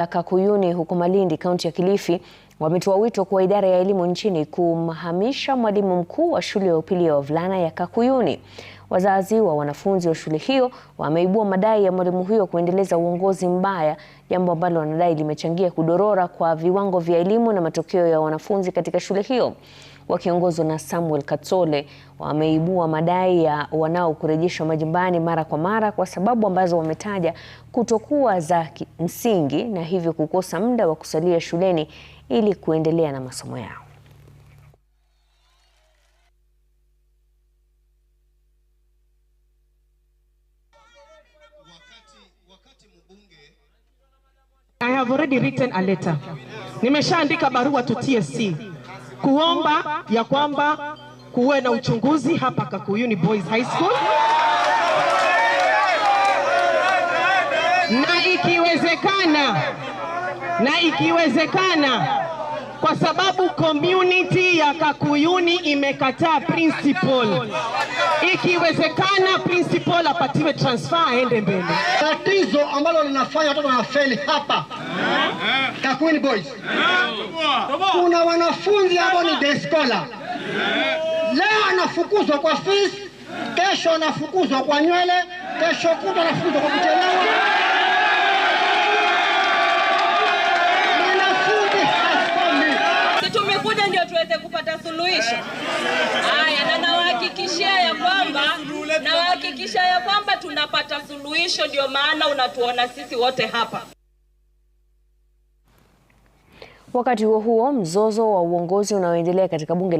la Kakuyuni huko Malindi, kaunti ya Kilifi, wametoa wito kwa idara ya elimu nchini kumhamisha mwalimu mkuu wa shule ya upili ya wavulana ya Kakuyuni. Wazazi wa wanafunzi wa shule hiyo wameibua madai ya mwalimu huyo kuendeleza uongozi mbaya, jambo ambalo wanadai limechangia kudorora kwa viwango vya elimu na matokeo ya wanafunzi katika shule hiyo. Wakiongozwa na Samuel Katsole wameibua madai ya wanao kurejeshwa majumbani mara kwa mara kwa sababu ambazo wametaja kutokuwa za msingi na hivyo kukosa muda wa kusalia shuleni ili kuendelea na masomo yao. I have already written a letter. Nimeshaandika barua to TSC kuomba ya kwamba kuwe na uchunguzi hapa Kakuyuni Boys High School na ikiwezekana, na ikiwezekana, kwa sababu community ya Kakuyuni imekataa principal, ikiwezekana principal apatiwe transfer aende mbele. Tatizo wanafanya watoto wanafeli hapa. Eh? Kakweni boys, eh? kuna wanafunzi ambao ni day scholar, eh? leo anafukuzwa kwa fees, kesho anafukuzwa kwa nywele, kesho kutwa anafukuzwa kwa kuchelewa. Tumekuja ndio tuweze kupata suluhisho. kuhakikisha ya kwamba tunapata suluhisho, ndio maana unatuona sisi wote hapa. Wakati huo huo, mzozo wa uongozi unaoendelea katika bunge